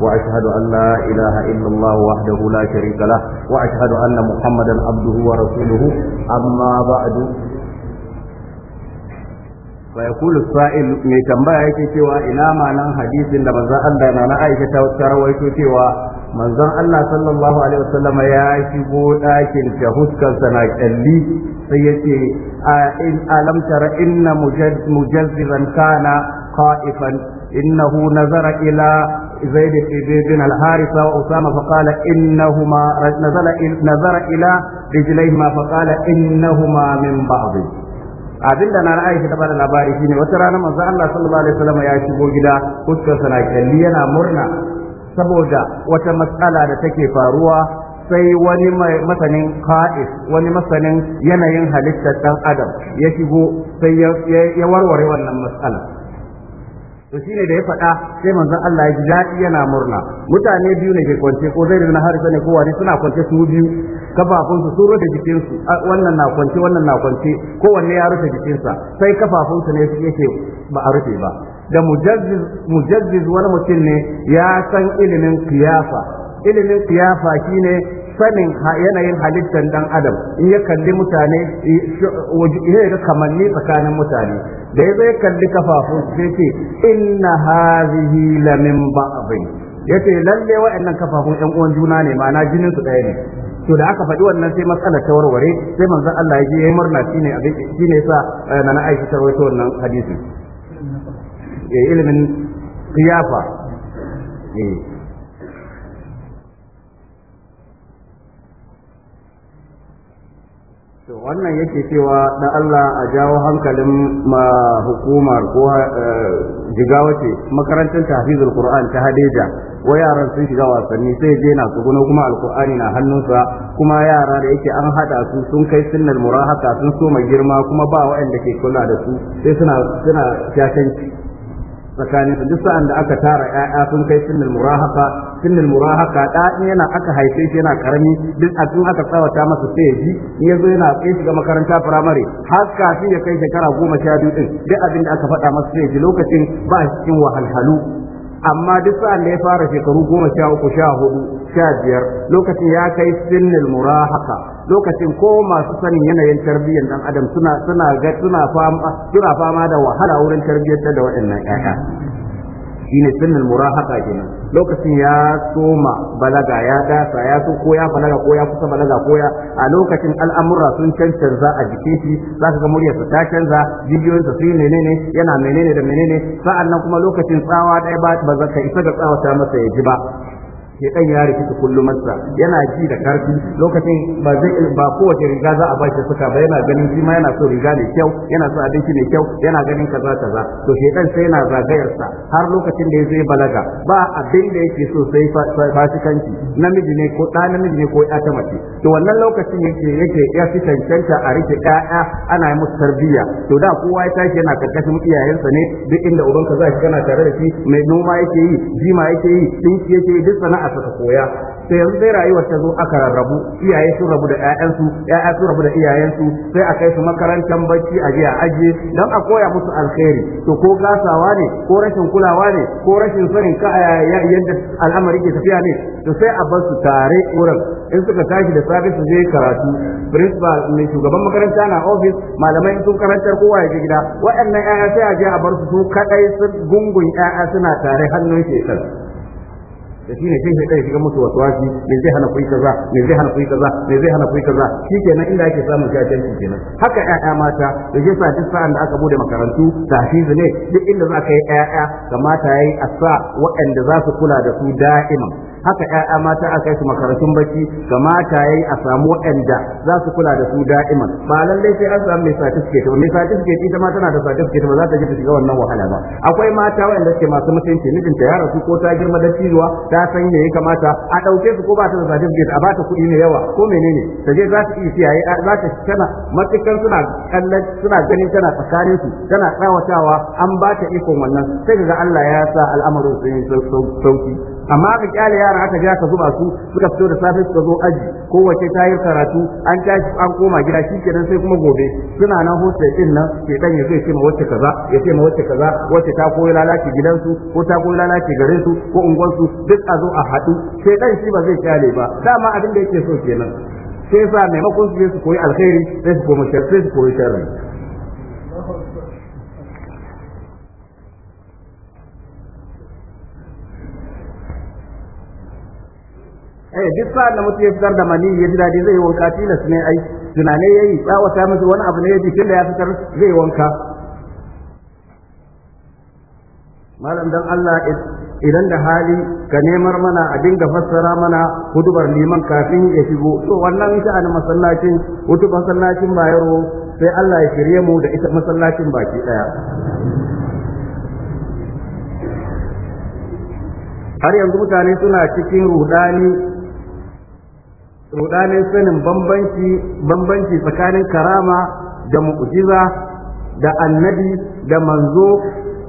وأشهد أن لا إله إلا الله وحده لا شريك له وأشهد أن محمدا عبده ورسوله أما بعد فيقول السائل من تنبأ cewa ina ma'anan hadisin da manzon Allah na na Aisha ta rawaito cewa manzon Allah sallallahu alaihi wasallam ya shigo ɗakin ta huskar sa na kalli sai yace in alam tara inna mujazzizan kana qa'ifan innahu nazara ila زيد بن الحارثة وأسامة فقال إنهما نزل نظر إلى رجليهما فقال إنهما من بعض abin da na ra'ayi ta bada labari shine wata rana manzo Allah sallallahu alaihi wasallam ya shigo gida fuskar sa na kalli yana murna saboda wata matsala da take faruwa sai wani masanin qa'is wani masanin yanayin halittar dan adam ya shigo sai ya warware wannan matsala to shine da ya faɗa sai manzon Allah ya ji daɗi yana murna mutane biyu ne ke kwance ko zai na harisa ne ko wani suna kwance su biyu kafafun su sun rufe jikin su wannan na kwance wannan na kwance kowanne ya rufe jikinsa sai kafafun su ne yake ba a rufe ba da mujazziz mujazziz wani mutum ne ya san ilimin kiyafa ilimin kiyafa shine sanin yanayin halittar dan adam in ya kalli mutane ya ga kamanni tsakanin mutane da ya zai kalli kafafun sai ce inna hazihi la min ba'dhin yace lalle wa'annan kafafun ƴan uwan juna ne ma'ana jinin su ɗaya ne to da aka faɗi wannan sai matsala ta warware sai manzon Allah ya ji ya murna shine abin shine yasa eh, na na ta rawaito wannan hadisi eh ilimin wannan yake cewa da Allah a jawo hankalin ma hukumar ko eh, jigawa ce makarantar tahfizul Qur'an ta Hadeja wa yaran sun shiga wasanni sai je na tsuguno kuma alkur'ani na hannunsa kuma yara da yake an hada su sun kai sunnar murahaka sun so mai girma kuma ba waɗanda ke kula da su sai suna suna shashanci tsakanin duk sa'an da aka tara ƴaƴa sun kai sinnul murahaka sinnul murahaka da yana aka haife shi yana karami duk a tun aka tsawata masa sai ya ji in yana kai shiga makaranta firamare har kafin ya kai shekara goma sha biyu din duk abin da aka faɗa masa sai ya ji lokacin ba shi cikin wahalhalu amma duk sa'an da ya fara shekaru goma sha uku sha hudu sha biyar lokacin ya kai sinnul murahaka lokacin ko masu sanin yanayin tarbiyyar dan adam suna suna ga fama da wahala wurin tarbiyyar da waɗannan ƴaƴa shine sunnul murahaka kenan lokacin ya soma balaga ya dasa ya so ko ya balaga ko ya kusa balaga ko ya a lokacin al'amura sun cancanza a jikin shi za ka ga muryarsa ta canza jijiyoyinsa sun menene yana menene da menene sa'an nan kuma lokacin tsawa ɗaya ba ba za ka isa ga tsawata masa ya ji ba shedan ya rikici kullum masa yana ji da karfi lokacin ba zai ba kowace riga za a bashi suka ba yana ganin shi ma yana so riga mai kyau yana so abinci mai kyau yana ganin kaza kaza to shedan sai yana zagayar sa har lokacin da zai balaga ba abin da yake so sai fasikanci namiji ne ko ɗa namiji ne ko ya ta mace to wannan lokacin yake yake ya fi cancanta a rike ƴaƴa ana yi musu tarbiyya to da kowa ya tashi yana karkashin iyayensa ne duk inda ubanka za shi kana tare da shi mai noma yake yi jima yake yi dinki yake yi duk sana'a nasa ka koya sai yanzu sai rayuwar ta zo aka rarrabu iyaye sun rabu da ƴaƴansu ƴaƴa sun rabu da iyayensu sai a kai su makarantar bacci a je a aje dan a koya musu alkhairi to ko gasawa ne ko rashin kulawa ne ko rashin sanin ka yadda al'amari ke tafiya ne to sai a bar su tare wurin in suka tashi da safe su je karatu principal ne, shugaban makaranta na office malamai sun karantar kowa ya gida waɗannan ƴaƴa sai a je a bar su su kadai su gungun ƴaƴa suna tare hannun shekaru da shine sai sai kai shiga musu waswasi me zai hana kuri kaza me zai hana kuri kaza me zai hana kuri kaza shikenan inda ake samun shashanci kenan haka ƴaƴa mata da ke sa duk sa'an da aka bude makarantu shi ne duk inda za ka yi ƴaƴa kamata yayi sa waɗanda za su kula da su da'iman haka ƴaƴa mata aka yi su makarantun bacci kamata yayi a samu waɗanda za su kula da su da'iman ba lallai sai an samu mai certificate ba mai certificate ita ma tana da certificate ba za ta ji ta shiga wannan wahala ba akwai mata waɗanda suke masu mutunci mijinta ya rasu ko ta girma da ciwa ta san me ya kamata a dauke su ko ba ta da certificate a bata kuɗi mai yawa ko menene ta je za ta iya kiyaye za ta tana matukan suna kallon suna ganin tana tsakanin su tana tsawatawa an ba ta ikon wannan sai ga Allah ya sa al'amarin sun yi sauki amma aka kyale yara aka ja ka zuba su suka fito da safe suka zo aji kowace ta yi karatu an tashi an koma gida shi kenan sai kuma gobe suna nan hotel din nan ke dan ya zai ce ma wacce kaza ya ce ma wacce kaza wacce ta koyi lalace gidansu ko ta koyi lalaci garin su ko unguwarsu duk a zo a haɗu sai dan shi ba zai kyale ba dama abin da yake so kenan sai sa maimakon su je su koyi alkhairi sai su koma sai su koyi sharri eh duk sa'an da mutum ya fitar da mani ya ji daɗi zai wanka tilas ne ai tunane yayi tsawata musu wani abu ne jikin da ya fitar zai wanka malam dan Allah idan da hali ka nemar mana a dinga fassara mana hudubar liman kafin ya shigo to wannan sha'ani masallacin hudubar masallacin bayaro sai Allah ya shirye mu da ita masallacin baki daya har yanzu mutane suna cikin rudani rudanin sanin bambanci bambanci tsakanin karama da mu'jiza da annabi da manzo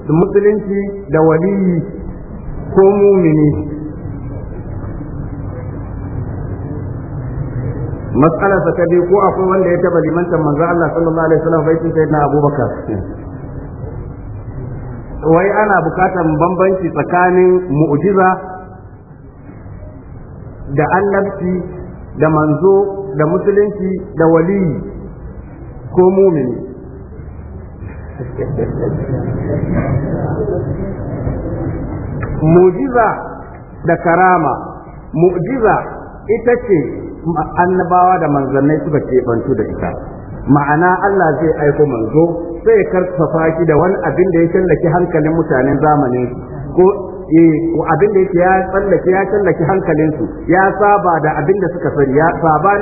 da musulunci da waliyi ko mumini matsala ta biyu ko akwai wanda ya taba limantar manzo Allah sallallahu alaihi wasallam baitin na Abubakar wai ana bukatar bambanci tsakanin mu'jiza da annabci da manzo da musulunci da waliyi ko mumini mujiza da karama mujiza ita ce annabawa da manzannai suka keɓantu da ita ma'ana Allah zai aiko manzo sai ya karfafa shi da wani abin da ya tallake hankalin mutanen zamanin ko eh abin da yake ya tsallake ya tsallake hankalin su ya saba da abin da suka sani ya saba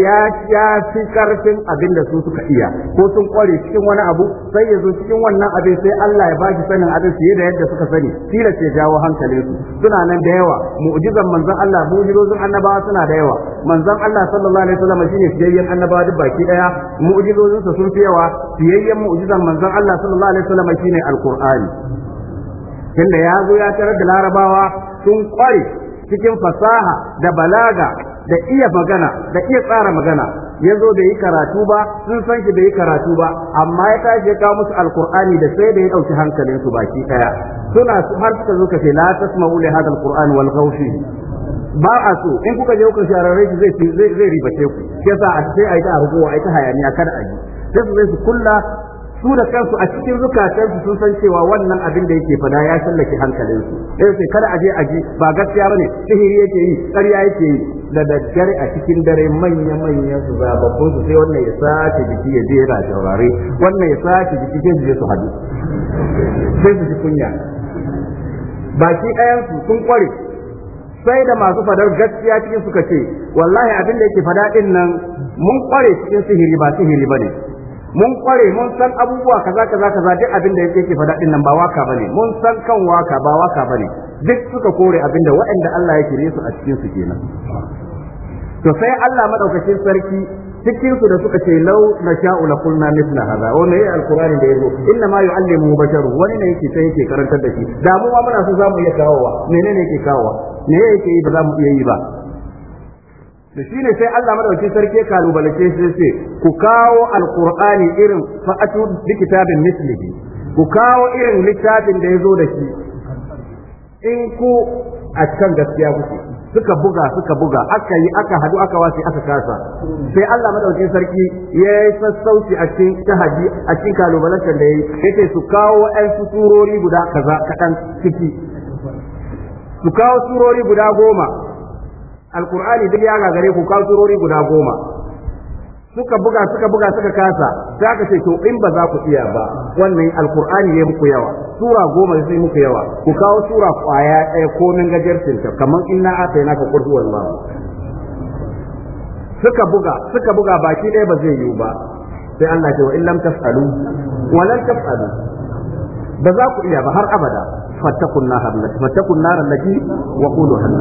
ya ya fi karfin abin da su suka iya ko sun kware cikin wani abu sai ya zo cikin wannan abin sai Allah ya baki sanin abin fiye da yadda suka sani tira ce jawo hankalin su suna nan da yawa mu'jizan manzon Allah mu'jizozin annabawa suna da yawa manzon Allah sallallahu alaihi wasallam shine fiyayyen annabawa duk baki daya mu'jizozin sun fi yawa fiyayyen mu'jizan manzon Allah sallallahu alaihi wasallam shine alqur'ani tunda ya zo ya tarar da larabawa sun kware cikin fasaha da balaga da iya magana da iya tsara magana ya zo bai yi karatu ba sun san shi da yi karatu ba amma ya tashi ya kawo musu alkur'ani da sai da ya ɗauki hankalin su baki ɗaya suna su har suka zo kace la tasma'u li hadha alqur'an wal ghawfi ba a so in kuka je kuka shararre shi zai zai ribace ku sai a sai a yi ta hukuma a yi ta hayaniya kada a yi sai su zai su kulla su da kansu a cikin zukatansu sun san cewa wannan abin da yake fada ya sallake hankalinsu sai sai kada a je ba gaskiya bane sihiri yake yi ƙarya yake yi da daddare a cikin dare manya manyan su zababbun su sai wannan ya sace jiki ya je yana shaurare wannan ya sace jiki ya je su hadu sai su ji kunya baki ɗayan su sun kware sai da masu fadar gaskiya cikin suka ce wallahi abin da yake fada din nan mun kware cikin sihiri ba sihiri bane mun kware mun san abubuwa kaza kaza kaza duk abin da yake faɗa din nan ba waka bane mun san kan waka ba waka bane duk suka kore abinda waɗanda Allah ya ne su a cikin su kenan to sai Allah madaukakin sarki cikin su da suka ce law na sha'u la kulna mithla hada wa ya alqur'ani da yazo inna ma yu'allimu basharu wani ne yake sai yake karantar da shi da mu ma muna so zamu iya kawowa menene yake kawowa me yake yi ba za mu iya yi ba da shi ne sai Allah madauki sarki kalubalace sai ce ku kawo alqur'ani irin fa'atu bi kitabin mislihi ku kawo irin littafin da ya zo da shi in ku a kan gaskiya kuke suka buga suka buga aka yi aka hadu aka wasi aka kasa sai Allah madaukin sarki ya yi sassauci a cikin tahaji a cikin kalubalancin da ya yi yace su kawo ɗan suturori guda kaza kaɗan ciki su kawo surori guda goma alkur'ani duk ya gagare ku kawo guda goma suka buga suka buga suka kasa za ka ce to in ba za ku iya ba wannan alkur'ani ya muku yawa sura goma zai muku yawa ku kawo sura kwaya ɗaya ko nan gajarcinta kamar na ata yana ka kurhu ba suka buga suka buga baki ɗaya ba zai yiwu ba sai Allah ce wa in lam taf'alu wa lan taf'alu ba za ku iya ba har abada fattakun nar allati wa quluha an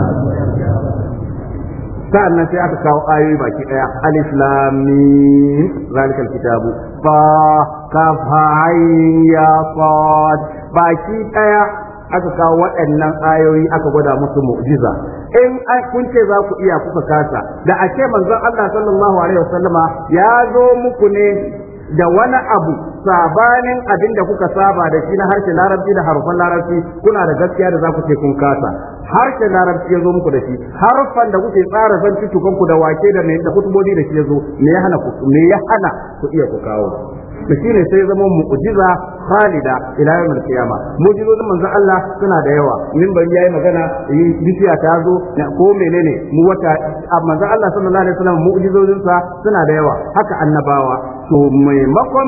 nan sai aka kawo ayoyi baki ɗaya alif lam zalikal kitabu fa kaf ya sad baki ɗaya aka kawo waɗannan ayoyi aka gwada musu mu'jiza in kun ce za ku iya kuka kasa da a ce manzon Allah sallallahu alaihi wasallama ya zo muku ne da wani abu sabanin abin da kuka saba da shi na harshen larabci da harfan larabci kuna da gaskiya da za ku ce kun kasa harshen larabci ya zo muku da shi harfan da kuke tsara zan ku da wake da mai da kutubobi da shi ya zo me me ya hana ku iya ku kawo da ne sai zama mu'ujiza khalida ila yawmil qiyama mu'jizozin manzon Allah suna da yawa min bari yayi magana bishiya ta zo ko menene mu wata manzon Allah sallallahu alaihi wasallam mu'jizozin sa suna da yawa haka annabawa to maimakon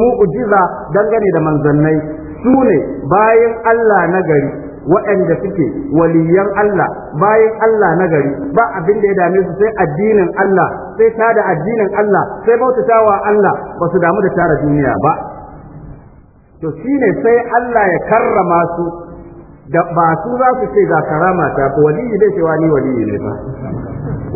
mu'jiza dangane da manzannai su ne bayan Allah na gari waɗanda suke waliyan Allah bayan Allah na gari ba abin da ya dame su sai addinin Allah sai da addinin Allah sai bautatawa Allah ba su damu da tara duniya ba to shine sai Allah ya karrama su da ba su za su ce za karama ta ko waliyi zai cewa ni waliyi ne ba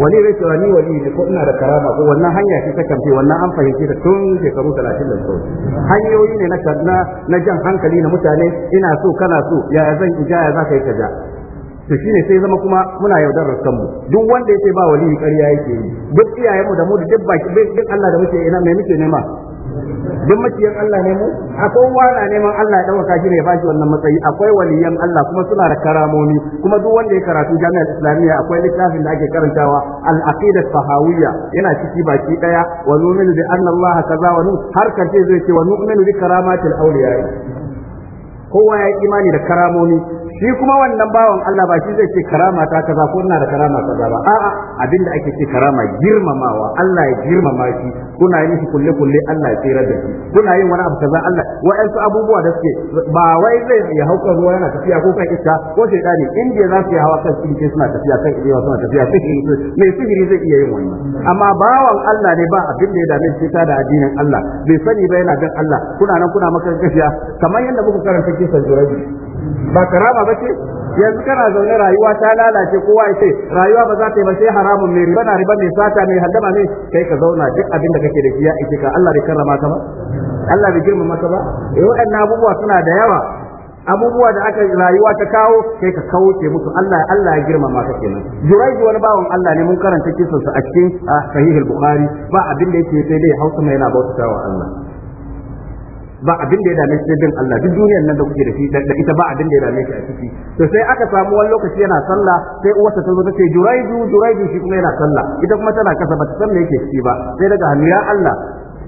wani zai cewa ni waliyi ne ko ina da karama ko wannan hanya ce ta kamfe wannan an fahimci da tun shekaru 30 da sau hanyoyi ne na na jan hankali na mutane ina so kana so yaya zan ija ya za ka yi kaza to shine sai zama kuma muna yaudarar kanmu duk wanda yake ba waliyi kariya yake yi duk iyayenmu da mu da duk baki duk Allah da muke ina mai muke nema duk maciyan Allah ne mu akwai wala neman Allah ya dauka shi ne ya wannan matsayi akwai waliyan Allah kuma suna da karamomi kuma duk wanda ya karatu jami'ar islamiyya akwai littafin da ake karantawa al-aqidat fahawiyya yana ciki baki daya wa nu'minu bi anna Allah kaza wa nu har kace zai ce wa nu'minu bi karamatil awliya kowa ya imani da karamomi shi kuma wannan bawan Allah ba shi zai ce karama ta kaza ko ina da karama kaza ba a'a abin da ake ce karama girmamawa Allah ya girmama shi kuna yin shi kulle kulle Allah ya tsira da shi kuna yin wani abu kaza Allah wa'ansu abubuwa da suke ba wai zai ya hauka ruwa yana tafiya ko kan iska ko shedani indiya za su yi hawa kan tsinke suna tafiya kan iya suna tafiya sihiri mai sihiri zai iya yin wannan amma bawan Allah ne ba abin da ya dame shi ta da addinin Allah bai sani ba yana bin Allah kuna nan kuna maka gaskiya kamar yadda muka karanta kisan jurabi ba karama ba ce yanzu kana zaune rayuwa ta lalace kowa ya ce rayuwa ba za ta yi ba sai haramun mai riba na riba mai sata mai haddama ne kai ka zauna duk abin da kake da kiya ake ka Allah bai karrama ka ba Allah bai girmama ka ba eh waɗannan abubuwa suna da yawa abubuwa da aka rayuwa ta kawo kai ka kauce musu Allah Allah ya girmama ka kenan ji wani bawon Allah ne mun karanta kisansa a cikin ah, sahihul bukhari ba abin da yake sai dai hausa mai yana bautawa Allah ba abin da ya dame shi bin Allah duk duniyar nan da kuke da shi da ita ba abin da ya dame shi a ciki to sai aka samu wani lokaci yana sallah sai uwarsa ta zo ta ce juraidu juraidu shi kuma yana sallah ita kuma tana kasa ba ta san me yake ciki ba sai daga hannu ya Allah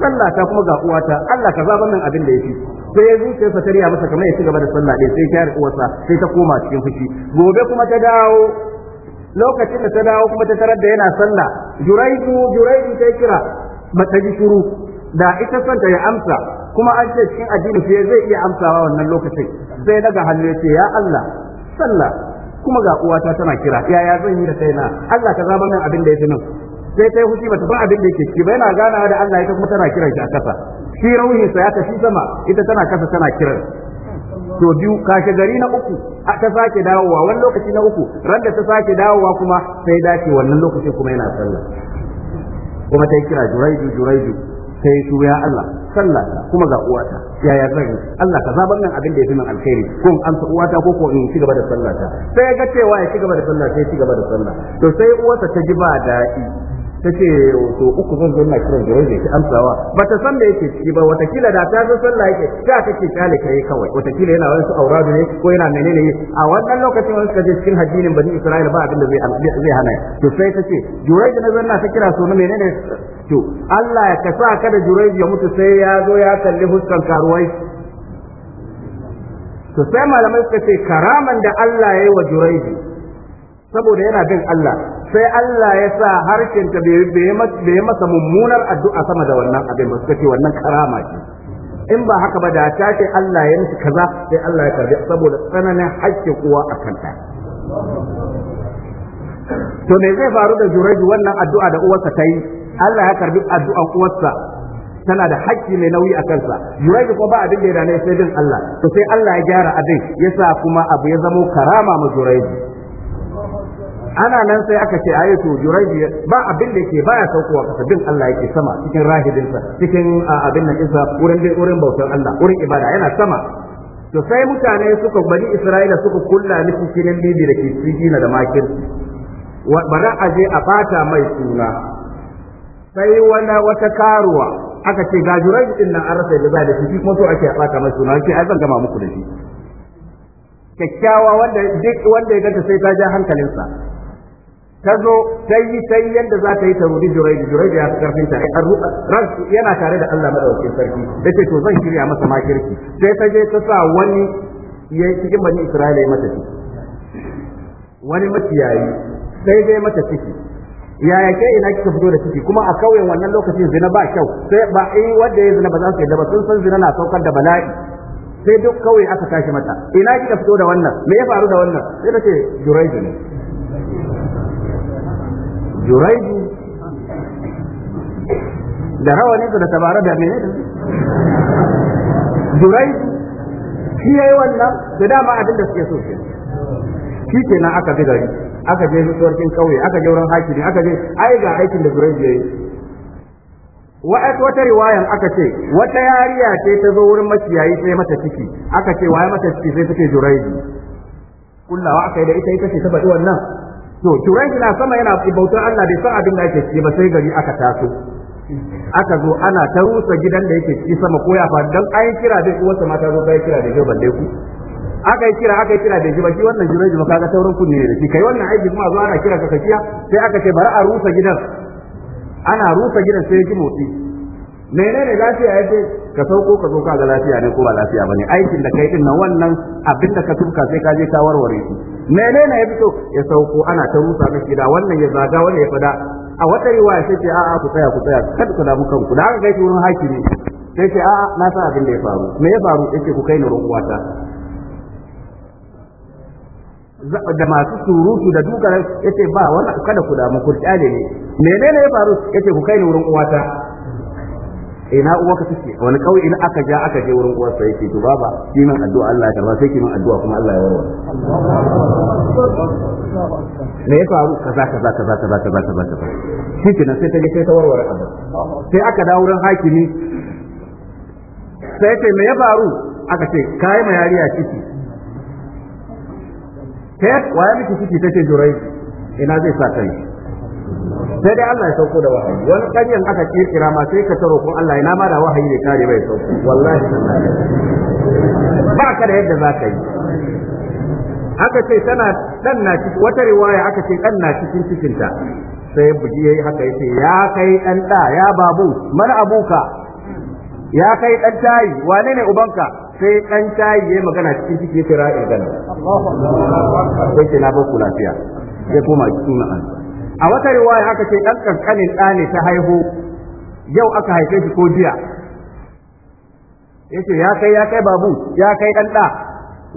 sallah ta kuma ga uwata Allah ka zaba min abin da yake sai ya zuce sa tariya masa kamar ya ci gaba da sallah dai sai yi uwarsa sai ta koma cikin fushi gobe kuma ta dawo lokacin da ta dawo kuma ta tarar da yana sallah juraidu juraidu sai kira ba ta ji shiru da ita son ta ya amsa kuma an ce cikin addini sai zai iya amsawa wannan lokacin sai daga hannu ya ce ya Allah sallah kuma ga uwata tana kira yaya zan yi da kaina Allah ka zaba min abin da ya fi min sai ta yi hushi bata ba abin da yake ciki ba yana ganawa da Allah ita kuma tana kiran shi a kasa shi raunin sa ya tafi sama ita tana kasa tana kiran to biyu kashe gari na uku a ta sake dawowa wani lokaci na uku ran da ta sake dawowa kuma sai dace wannan lokaci kuma yana sallah kuma ta yi kira juraiju juraiju sai su ya Allah sallah kuma ga uwata yaya zan yi Allah ka nan abin da ya fi min alkhairi ko in amsa uwata ko ko in ci gaba da sallah ta sai ga cewa ya ci da sallah sai ci gaba da sallah to sai uwata ta ji ba daɗi ta ce to uku zan na kiran da rage ki amsawa ba ta san da yake ciki ba watakila da ta zo sallah yake ta take kyale kai kawai watakila yana wani su auradu ne ko yana menene ne a wannan lokacin wani kaje cikin hadinin bani Isra'ila ba abin da zai zai hana to sai ta ce jurai na zanna ta kira so na menene to Allah ya kasa ka da jurai ya mutu sai ya zo ya kalli huskan karuwai to sai malamai suka ce karaman da Allah ya yi wa jurai saboda yana bin Allah sai Allah ya sa harshen ta bai masa mummunar addu'a sama da wannan abin ba suka ce wannan karama ce in ba haka ba da ta ce Allah ya nufi kaza sai Allah ya karbi saboda tsananin haƙƙin uwa a kanta to me zai faru da juraiju wannan addu'a da uwarsa ta yi Allah ya karbi addu'an uwarsa tana da haƙƙi mai nauyi a kansa juraiju ko ba abin da ya dane sai din Allah to sai Allah ya gyara abin yasa kuma abu ya zamo karama ma juraiju ana nan sai aka ce ayi to jurayji ba abin da yake baya saukowa kasa bin Allah yake sama cikin rahibinsa, cikin abin nan isa wurin wurin bautar Allah wurin ibada yana sama to sai mutane suka bari Isra'ila suka kulla ni cikin bibi da ke cikin da makin bara a je a bata mai suna sai wani wata karuwa aka ce ga jurayji din nan an rasa da za da shi kuma to ake a bata mai suna ce ai zan gama muku da shi kyakkyawa wanda duk wanda ya ganta sai ta ja hankalinsa ta zo ta yi ta yi yadda za ta yi ta rudi juraidu juraidu ya fi karfin ta ran yana tare da Allah madaukakin sarki ce to zan shirya masa makirki sai ta je ta sa wani ya cikin bani Isra'ila ya mata ciki wani maciyayi sai dai mata ciki yaya ke ina kika fito da ciki kuma a kauyen wannan lokacin zina ba kyau sai ba ai wanda ya zina ba za su yi da ba sun san zina na saukar da bala'i sai duk kauye aka tashi mata ina kika fito da wannan me ya faru da wannan sai ta ce juraidu ne juraiju da ne da tabara da mene juraiju shi ya yi wannan da dama abin da suke so shi shi ke nan aka fi gari aka je mutuwarkin kauye aka je wurin hakimi aka je ai ga aikin da juraiju ya yi wata riwayan aka ce wata yariya ce ta zo wurin maciyayi sai mata ciki aka ce waye mata ciki sai take juraiju kullawa aka yi da ita ita ce ta faɗi wannan to turai na sama yana bautar Allah bai san abin da yake ciki ba sai gari aka taso aka zo ana ta rusa gidan da yake ciki sama ko ya faru dan ai kira da wata mata zo ta kira da ke balle ku aka yi kira aka yi kira da shi ba shi wannan jirai ba kaga taurin kunne ne da shi kai wannan aiki kuma zo ana kira ka kakiya sai aka ce bari a rusa gidan ana rusa gidan sai ji motsi menene lafiya yake ka sauko ka zo ka ga lafiya ne ko ba lafiya bane aikin da kai din nan wannan abin da ka tuka sai ka je ka warware shi menene ya fito ya sauko ana ta rusa na da wannan ya zaga wannan ya fada a wata riwaya sai ce a'a ku tsaya ku tsaya kada ku damu kanku da aka gaishe wurin hakimi sai ce a'a na san abin da ya faru me ya faru yace ku kai ni ruwata da masu surutu da duka yace ba wannan kada ku damu ku tsale ne menene ya faru yace ku kai ni wurin uwata ina ka take wani kauye in aka ja aka je wurin uwarsa yake to baba kiman addu'a Allah ya karba sai kiman addu'a kuma Allah ya warware me ya faru kaza kaza kaza kaza kaza kaza kaza shi sai ta je sai ta warware abu sai aka dawo wurin hakimi sai ce me ya faru aka ce kai ma yariya ciki kai waye miki ciki tace jurai ina zai sa kai sai dai Allah ya sauko da wahayi wani kanyan aka kirkira ma sai ka taro kun Allah ya nama da wahayi ne kare bai sauko wallahi ba ka da yadda za ka yi aka ce tana dan na ciki wata riwaya aka ce dan na cikin cikinta sai buji yayi haka yace ya kai dan da ya babu man abuka ya kai dan tayi wane ne ubanka sai dan tayi yayi magana cikin ciki yace ra'il gana Allahu Akbar sai na ba ku lafiya sai kuma cikin ma'ana a wata riwaya aka ce ɗan ƙanƙanin ɗa ne ta haihu yau aka haife shi ko jiya yace ya kai ya kai babu ya kai ɗanɗa. ɗa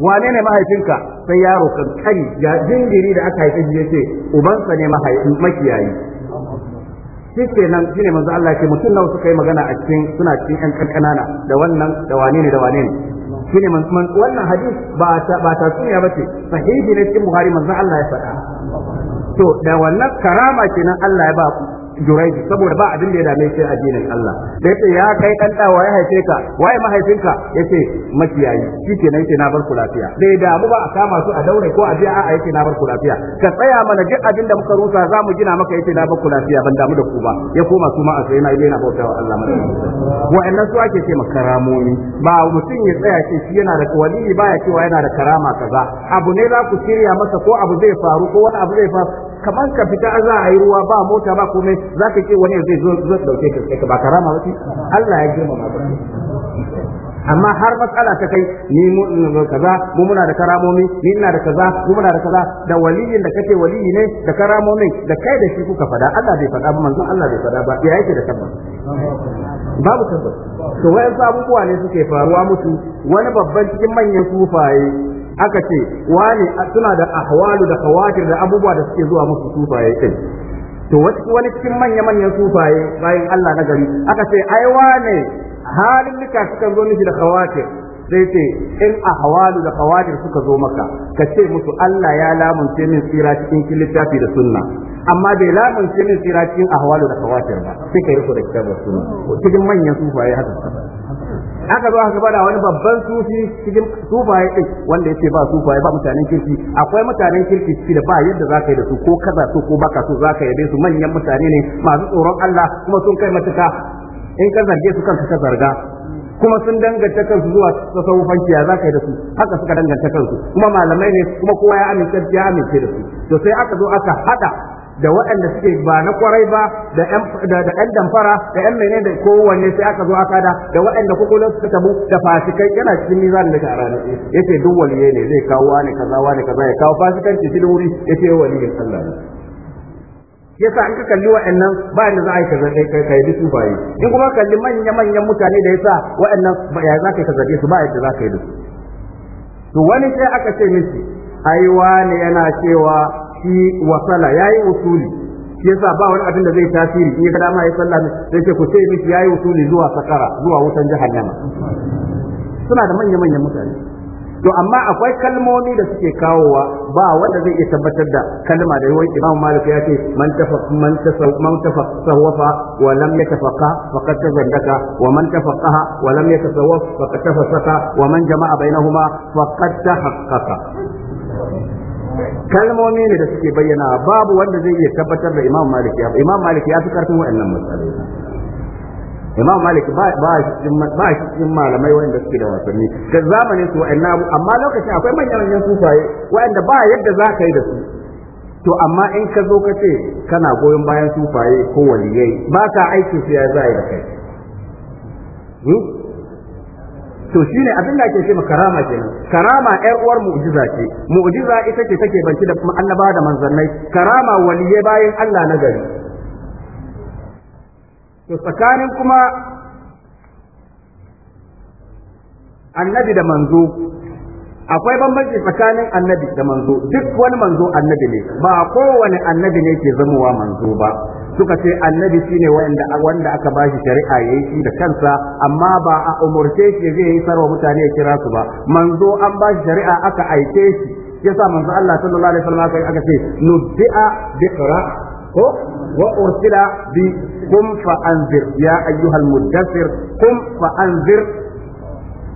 wane ne mahaifinka sai yaro ƙanƙani ya jinjiri da aka haife shi yace ubansa ne makiyayi shi nan shine manzo Allah ke mutum nawa suka yi magana a cikin suna cikin ƴan ƙanƙanana da wannan da wane ne da wane ne ne wannan hadis ba ta ba ta sunya ce sahihi ne cikin Buhari manzo Allah ya faɗa to da wannan karama kenan Allah ya ba ku juraiji saboda ba abin da ya dame shi addinin Allah da yace ya kai dan da waye haife ka waye mahaifinka yace makiyayi shike nan yace na bar ku lafiya ya damu ba a kama su a daure ko a je a yace na bar ku lafiya ka tsaya mana duk abin da muka rusa za mu gina maka yace na bar ku lafiya ban damu da ku ba ya koma su ma a sai na yi na bautawa Allah mana wa'annan su ake ce makaramomi ba mutum ya tsaya ce shi yana da wali ya cewa yana da karama kaza abu ne za ku shirya masa ko abu zai faru ko wani abu zai faru kamar ka fita za a yi ruwa ba mota ba kuma za ka ce wani zai zo zo dauke ka sai ka ba karama wace Allah ya girma ka amma har matsala ta kai ni mu kaza mu muna da karamomi ni ina da kaza mu muna da kaza da waliyin da kake waliyi ne da karamomin da kai da shi kuka fada Allah bai fada ba manzon Allah bai fada ba ya yake da tabbas babu tabbas to wayan abubuwa ne suke faruwa mutu wani babban cikin manyan kufaye aka ce wani suna da ahwalu da kawatir da abubuwa da suke zuwa musu sufaye din to wani cikin manya-manyan sufaye bayan Allah na gari aka ce ai wane halin duka suka zo miki da khawatir sai ce in ahwalu da kawatir suka zo maka ka ce musu Allah ya lamunce min tsira cikin littafi da sunna amma bai lamunce min tsira cikin ahwalu da khawatir ba sai ka yi da kitabar sunna cikin manyan sufaye haka aka zo aka bada wani babban sufi cikin sufaye din wanda yake ba sufaye ba mutanen kirki akwai mutanen kirki ciki da ba yadda zaka yi da su ko kaza so ko baka so zaka yabe su manyan mutane ne masu tsoron Allah kuma sun kai matuka in ka zarge su kanka ka zarga kuma sun danganta kansu zuwa kiya za ka yi da su haka suka danganta kansu kuma malamai ne kuma kowa ya amince ya amince da su to sai aka zo aka hada da waɗanda suke ba na kwarai ba da ɗan damfara da ɗan mene da kowanne sai aka zo aka da da waɗanda kokolon suka tabu da fasikai yana cikin mizan da gara ne yace duk waliye ne zai kawo wani kaza wani kaza ya kawo Fasikan, cikin wuri yace waliyin sallah ne yasa an ka kalli wa'annan ba yanda za a yi kaza kai kai da su baye in kuma kalli manya manyan mutane da yasa wa'annan ba ya za ka kaza su ba yadda za ka yi da su to wani sai aka ce miki ai wani yana cewa shi wasala ya yi usuli shi yasa ba wani abin da zai tasiri in ka dama ya sallah ne sai ce ku sai miki yi usuli zuwa sakara zuwa wutan jahannama suna da manya manyan mutane to amma akwai kalmomi da suke kawowa ba wanda zai iya tabbatar da kalma da yawan Imam Malik ya ce man tafa man tafa man tafa sawfa wa lam yatafaqa faqad tazandaka wa man tafaqaha wa lam yatasawwaf faqad tafasaka wa man jama'a bainahuma faqad tahaqqaqa kalmomi ne da suke bayyana babu wanda zai iya tabbatar da imam malik ya imam maliki ya fi karfin wa'annan matsaloli imam malik ba shi cikin malamai wanda suke da wasanni da zamanin su wa'anna abu amma lokacin akwai manyan manyan sufaye wa'anda ba yadda za ka yi da su to amma in ka zo ka ce kana goyon bayan sufaye ko waliyai ba ka aikin su ya za da kai hmm? to shine abin da ake ce karama kenan karama yar uwar mu'jiza ce mu'jiza ita ce take banci da annaba da manzannai karama waliye bayan Allah na gari to tsakanin kuma annabi da manzo akwai bambanci tsakanin annabi da manzo duk wani manzo annabi ne ba kowane annabi ne ke zamowa manzo ba suka ce annabi shine wanda wanda aka bashi shari'a ya yi shi da kansa amma ba a umurce shi zai yi sarwa mutane ya kira su ba manzo an bashi shari'a aka aike shi sa manzo Allah sallallahu alaihi wasallam aka ce nubbi'a biqra ko wa ursila bi kum fa anzir ya ayyuhal muddathir kum fa anzir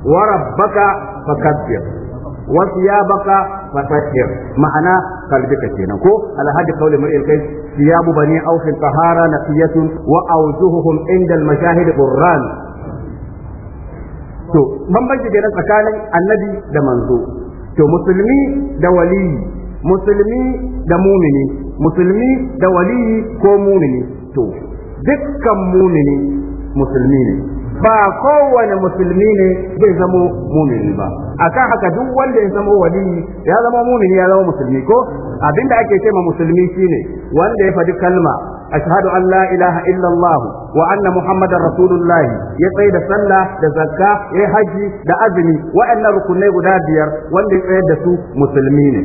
wa rabbaka fakabbir ya baka fatahhir ma'ana qalbika kenan ko alhaji qawli mar'il kai thiyabu bani awf tahara naqiyatun wa awjuhuhum indal al-mashahid qurran to bambanci da tsakanin annabi da manzo to musulmi da waliyi musulmi da mumini musulmi da waliyi ko mumini to dukkan mumini musulmi ne ba kowane musulmi ne zai zamo mumini ba akan haka duk wanda ya zamo wali ya zama mumini ya zama musulmi ko abinda ake ce ma musulmi shine wanda ya faɗi kalma ashhadu an la ilaha illallah wa anna muhammadar rasulullah ya tsai da sallah da zakka ya yi haji da azumi wa'annan rukunai guda biyar wanda ya tsayar da su musulmi ne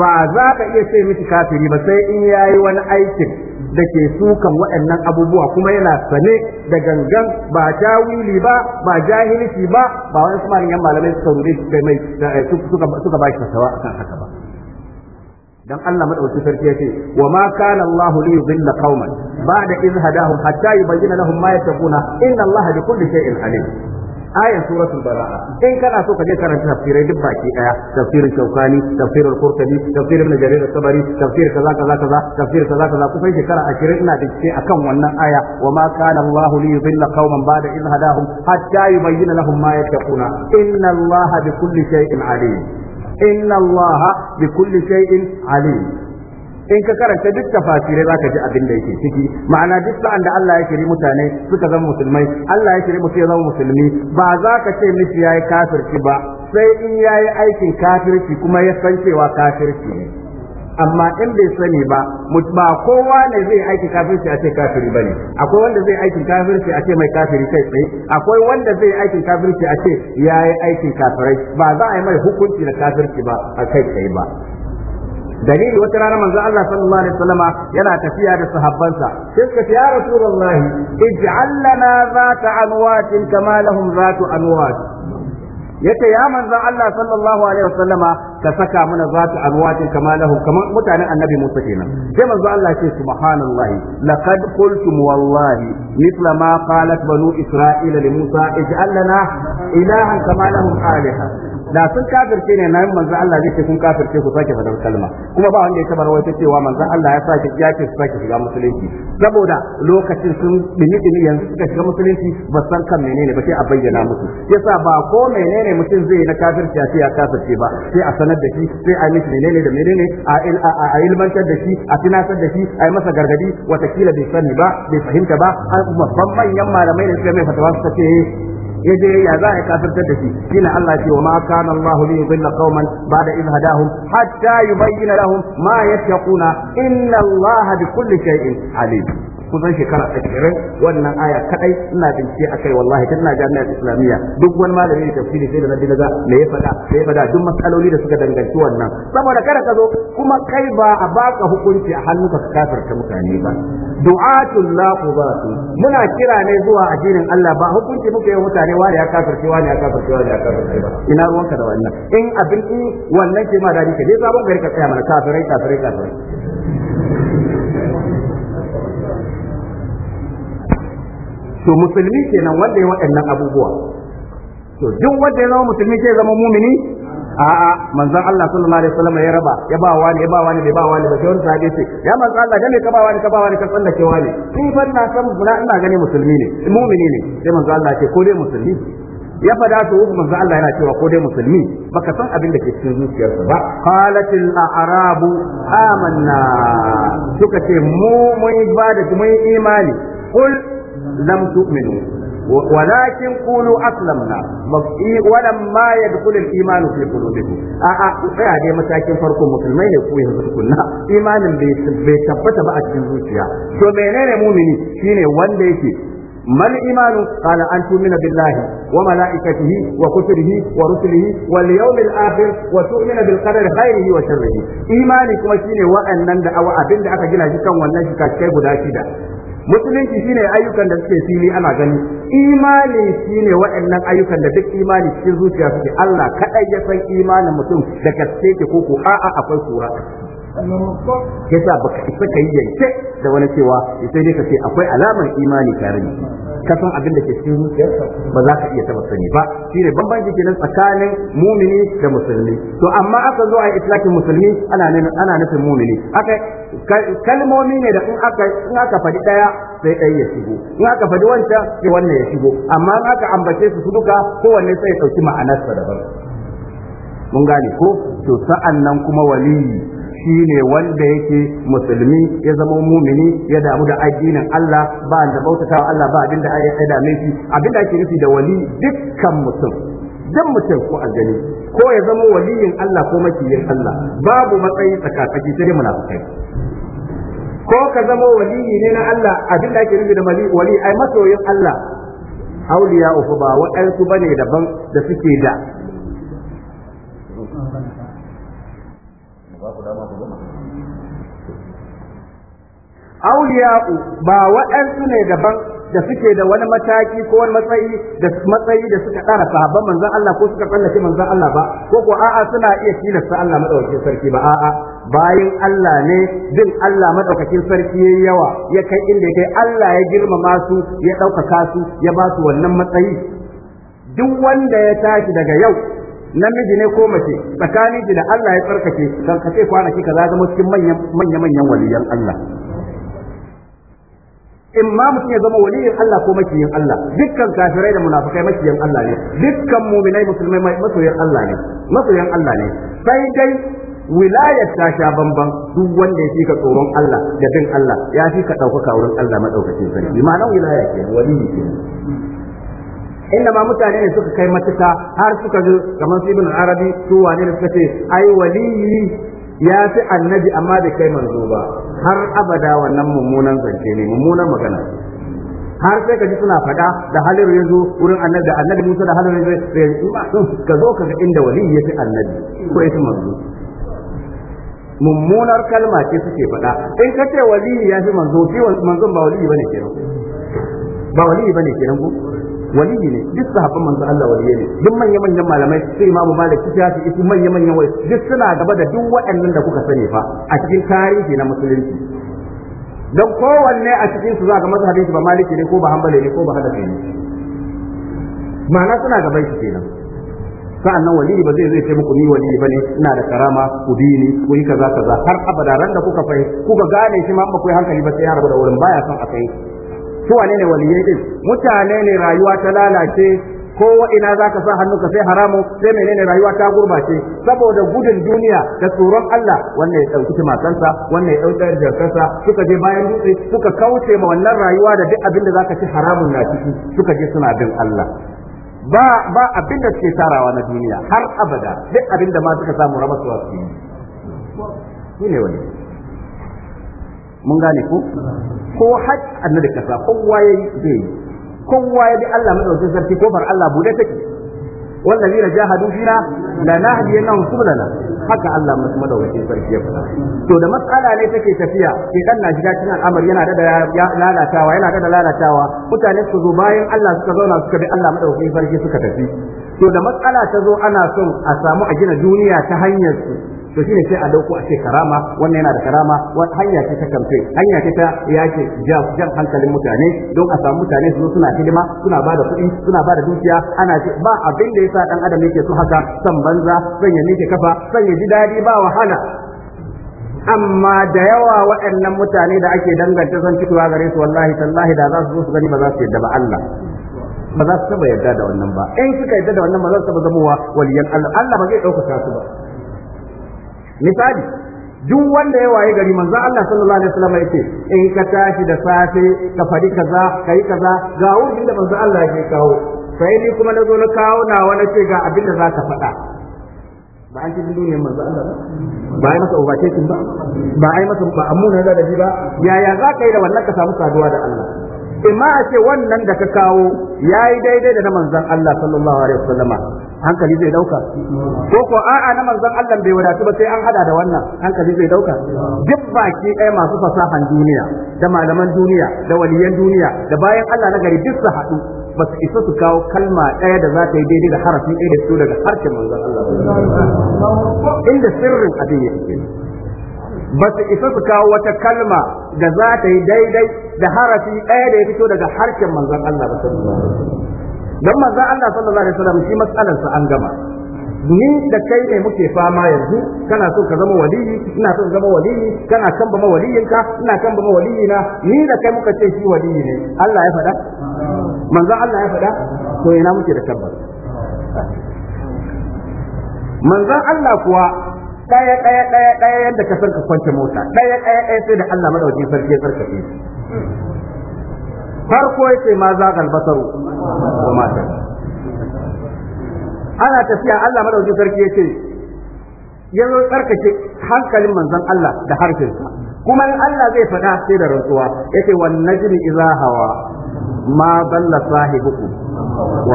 ba za ka iya ce miki kafiri ba sai in ya yi wani aikin da ke sukan waɗannan abubuwa kuma yana sane da gangan ba tawili ba ba jahilci ba ba wani kuma yan malamai suka rubi da mai eh, suka ba shi fasawa kan haka ba dan Allah madaukakin sarki yace wa ma kana Allah li ba da ba'da iz hadahum hatta yubayyana lahum ma yattaquna inna Allah bi kulli in alim ayan suratul bara'a in kana so ka je karanta tafsirai duk baki ɗaya. tafsirin shaukani tafsirin qurtubi tafsirin ibn jarir sabari tafsir kaza kaza kaza tafsir kaza kaza kusan shekara 20 ina dake akan wannan aya wa ma kana Allah li yudilla qauman ba'da idh hadahum hatta yubayyana lahum ma yattaquna inna Allah bi kulli shay'in alim inna Allah bi kulli shay'in alim in ka karanta duk tafasirai za ka ji abin da yake ciki ma'ana duk sa'an da Allah ya shiri mutane suka zama musulmai Allah ya shiri mutum ya zama musulmi ba za ka ce mishi yayi kafirci ba sai in yayi aikin kafirci kuma ya san cewa kafirci ne amma in bai sani ba ba kowa ne zai aiki kafirci a ce kafiri ba ne, akwai wanda zai aikin kafirci a ce mai kafiri kai tsaye akwai wanda zai aikin kafirci a ce yayi aikin kafirai ba za a yi mai hukunci da kafirci ba a kai tsaye ba dalili wata rana manzo Allah sallallahu alaihi wasallama yana tafiya da sahabbansa sai suka ce ya rasulullahi ij'al lana ta anwatin kama lahum zatu ya manzo Allah sallallahu alaihi wasallama ka saka mana zatu anwatin kama lahum kaman mutanen annabi Musa kenan sai manzo Allah ce subhanallahi laqad qultum wallahi mithla ma qalat banu isra'ila li Musa ij'al lana ilahan kama lahum alaha da sun kafirce ne nan manzon Allah zai ce kun kafirce ku sake fadar kalma kuma ba wanda ya taba rawaito cewa manzon Allah ya sake ya ce su sake shiga musulunci saboda lokacin sun dimi dimi yanzu suka shiga musulunci ba san kan menene ba sai a bayyana musu yasa ba ko menene mutum zai na kafirci a ce ya kafirce ba sai a sanar da shi sai a mishi menene da menene a ilmantar da shi a tunatar da shi a yi masa gargadi watakila bai sani ba bai fahimta ba har babban manyan malamai da suka mai fatawa suka ce yaje ya za a kafirtar da shi shine Allah ce wa ma kana Allah li yudilla qauman ba'da idh hadahum hatta yubayyana lahum ma yattaquna inna Allah bi kulli shay'in alim kusan shekara ashirin wannan aya kadai ina bincike kai wallahi tun na jami'ar islamiyya duk wani malami da tafsiri sai da na daga me ya faɗa me ya faɗa duk matsaloli da suka danganci wannan saboda kada ka zo kuma kai ba a baka hukunci a hannu ka kafirta mutane ba du'atul la qubatu muna kira ne zuwa addinin Allah ba hukunci muke yi mutane wani ya kafirce wani ya kafirce wani ya kafirce ba ina ruwanka da wannan in abin in wannan ke ma dadi ka je sabon gari ka tsaya mana kafirai kafirai kafirai to musulmi kenan wanda ya waɗannan abubuwa to duk wanda ya zama musulmi ke zama mumini a'a manzon Allah sallallahu alaihi wasallam ya raba ya ba wani ya ba wani bai ba wani ba sai wani sahabi ce ya manzon Allah gane ka ba wani ka ba wani ka tsanda ke wani ni fa na san bura ina gani musulmi ne mumini ne sai manzon Allah ce ko dai musulmi ya fada to manzon Allah yana cewa ko dai musulmi baka san abin da ke cikin zuciyarsa ba qalatil a'rabu amanna suka ce mu mun ba da mun imani qul لم تؤمنوا ولكن قولوا أسلمنا ولما يدخل الإيمان في قلوبكم أأقطع دي متاكين فرق مسلمين يقوي كنا إيمان بيتبت بقى تنزوشيا سو منين مؤمني شيني وان ديكي ما الإيمان قال أن تؤمن بالله وملائكته وكتبه ورسله واليوم الآخر وتؤمن بالقدر خيره وشره إيمانكم شيني وأن نند أو أبند أكجنا جكا وأن نجكا شيخ داشدا musulunci shine ayyukan da suke fili ana gani imani shine waɗannan ayyukan da duk imani cikin zuciya suke Allah kaɗai ya san imanin mutum da gaske ke koko a'a akwai kura yasa baka isa ka yi yanke da wani cewa sai dai ka ce akwai alamar imani tare ne ka abin da ke cikin zuciyarsa ba za ka iya taba sani ba shine bambanci kenan tsakanin mumini da musulmi to amma aka zo a islakin musulmi ana nufin mumini aka kalmomi ne da in aka in faɗi ɗaya sai ɗaya ya shigo in aka faɗi wancan sai wannan ya shigo amma in aka ambace su su duka kowanne sai ya ɗauki ma'anarsa daban mun gane ko to sa'an nan kuma waliyi Shi ne wanda yake musulmi ya zama mumini ya damu da addinin Allah ba da wa Allah ba abinda ya dame shi abinda ake nufi da wali dukkan mutum dan mutum ko aljani ko ya zama waliyin Allah ko makiyin Allah babu matsayi tsakatsaki sai munafikai ko ka zama waliyi ne na Allah abinda ake nufi da wali ai masoyin Allah auliya uku ba waɗansu bane daban da suke da auliya'u ba waɗansu ne daban da suke da wani mataki ko wani matsayi da matsayi da suka ƙara sahabban manzon Allah ko suka tsallake manzon Allah ba ko ko a'a suna iya tilasta Allah madaukakin sarki ba a'a bayin Allah ne bin Allah madaukakin sarki yayi yawa ya kai inda kai Allah ya girmama su ya ɗaukaka su ya ba su wannan matsayi duk wanda ya tashi daga yau namiji ne ko mace tsakanin da Allah ya tsarkake kan kace kwanaki ka zama cikin manyan manyan waliyan Allah in ma mutum ya zama waliyin Allah ko makiyin Allah dukkan kafirai da munafikai makiyin Allah ne dukkan muminai musulmai masoyan Allah ne masoyan Allah ne sai dai wilayar ta sha bamban duk wanda ya fi ka tsoron Allah da bin Allah ya fi ka ɗaukaka wurin Allah maɗaukacin sarki ma'ana wilaya ke waliyi ke inda ma mutane ne suka kai matuka har suka zo kamar su ibn arabi su wane da suka ce ai waliyi ya fi annabi amma da kai manzo ba har abada wannan mummunan zance ne mummunan magana har sai ka ji suna fada da halin ya zo wurin annabi da annabi Musa da halin ya zo ka zo ka ga inda wali ya fi annabi ko ya fi manzo mummunar kalma ce suke fada in ka ce wali ya fi manzo shi manzon ba wali bane kenan ba wali bane kenan ko waliyi ne duk sahabban manzo Allah waliyi ne duk manya manyan malamai su imamu malik su shafi su manya manyan wai duk suna gaba da duk waɗannan da kuka sani fa a cikin tarihi na musulunci dan kowanne a cikin su za mazhabin shi ba maliki ne ko ba hanbali ne ko ba hanafi ne ma'ana suna gaba shi kenan sa'an nan waliyi ba zai zai ce muku ni waliyi bane ina da karama ku dini ku yi kaza kaza har abada ran da kuka fahimci kuka gane shi ma ba ku yi hankali ba sai ya rabu da wurin baya son a kai su wane ne waliyai din mutane ne rayuwa ta lalace ko ina za ka sa ka sai haramu sai menene rayuwa ta gurbace saboda gudun duniya da tsoron Allah wannan ya dauki timakansa wannan ya dauki jarkansa suka je bayan dutse suka kauce ma wannan rayuwa da duk abin da zaka ci haramun na ciki suka je suna bin Allah ba ba abin da suke tarawa na duniya har abada duk abin da ma suka samu rama su yi ne wani mun gane ko ko hajj annabi kasa kowa yayi zai kowa ya bi Allah madaukakin sarki kofar Allah bude take والذين جاهدوا فينا لنهدينهم سبلنا haka Allah madawacin sarki ya faɗa to da matsala ne take tafiya sai na shiga cikin al'amari yana da lalatawa yana da lalatawa mutane su zo bayan Allah suka zauna suka bi Allah madawacin sarki suka tafi to da matsala ta zo ana son a samu a gina duniya ta hanyar su to shine sai a dauko a ce karama wannan yana da karama wata hanya ce ta kamfe hanya ce ta yake jan hankalin mutane don a samu mutane su suna hidima suna ba da kuɗi suna ba da dukiya ana ce ba abin da yasa dan adam yake so haka san banza san ya miƙe kafa san ya ji dadi ba wahala amma da yawa waɗannan mutane da ake danganta san cikuwa gare su wallahi tallahi da za su zo su gani ba za su yadda ba Allah ba za su taba yarda da wannan ba in suka yadda da wannan ba za su taba zamowa waliyan Allah Allah ba zai ɗaukaka su ba misali duk wanda ya waye gari manzo Allah sallallahu alaihi wasallam yake in ka tashi da safe ka fadi kaza kai kaza ga wurin da manzo Allah yake kawo sai ni kuma na zo na kawo nawa na ce ga abin da za ka faɗa ba an cikin duniyar manzo Allah ba ba ai masa ubace ba ba ai masa ba na da shi ba yaya za yi da wannan ka samu saduwa da Allah imma a ce wannan da ka kawo ya yi daidai da na manzan Allah sallallahu alaihi wasallama hankali zai dauka ko ko a'a na manzan Allah bai wadatu ba sai an hada da wannan hankali zai dauka duk baki ɗaya masu fasahan duniya da malaman duniya da waliyan duniya da bayan Allah na gari duk su haɗu ba su isa su kawo kalma ɗaya da za ta yi daidai da harafin ɗaya da su daga harshen manzan Allah inda sirrin abin yake ba su isa su kawo wata kalma da za ta yi daidai da harafi ɗaya da ya fito daga harshen manzon Allah ba don manzon Allah sallallahu alaihi wasallam shi matsalar sa an gama ni da kai ne muke fama yanzu kana so ka zama waliyi ina so zama waliyi kana kan ba waliyinka ina kan ba waliyina ni da kai muka ce shi waliyi ne Allah ya faɗa manzon Allah ya faɗa to ina muke da tabbas manzon Allah kuwa ɗaya ɗaya ɗaya ɗaya yadda ka san ka kwance mota ɗaya ɗaya ɗaya sai da Allah madauki sarki ya tsarkake shi farko yace ma zagal basaru wa mata ana tafiya Allah madauki sarki yace ya zo hankalin manzon Allah da harkinsa kuma in Allah zai faɗa sai da rantsuwa yace wan najmi iza hawa ma dalla sahibuku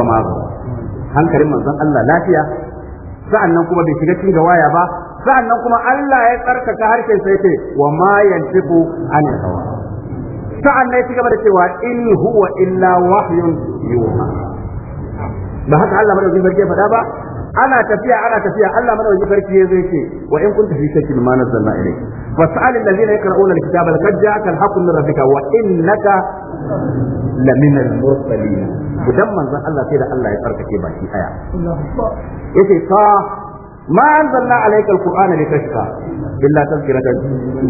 wa ma hankalin manzon Allah lafiya sa'annan kuma bai shiga cikin gawaya ba sa'annan kuma Allah ya tsarkaka harshen sai ce wa ma yantiqu anil hawa sa'annan ya ci gaba da cewa in huwa illa wahyun yuha ba haka Allah madaukakin sarki ya faɗa ba ana tafiya ana tafiya Allah madaukakin sarki ya zai ce wa in kunta fi shakkin ma nazzalna ilayk fas'al alladhina yaqra'una alkitaba laqad ja'aka alhaqqu min rabbika wa innaka lamin al-mursalin idan manzon Allah sai da Allah ya tsarkake baki aya yace ta ma anzalna alayka alqur'ana litashqa illa tazkiratan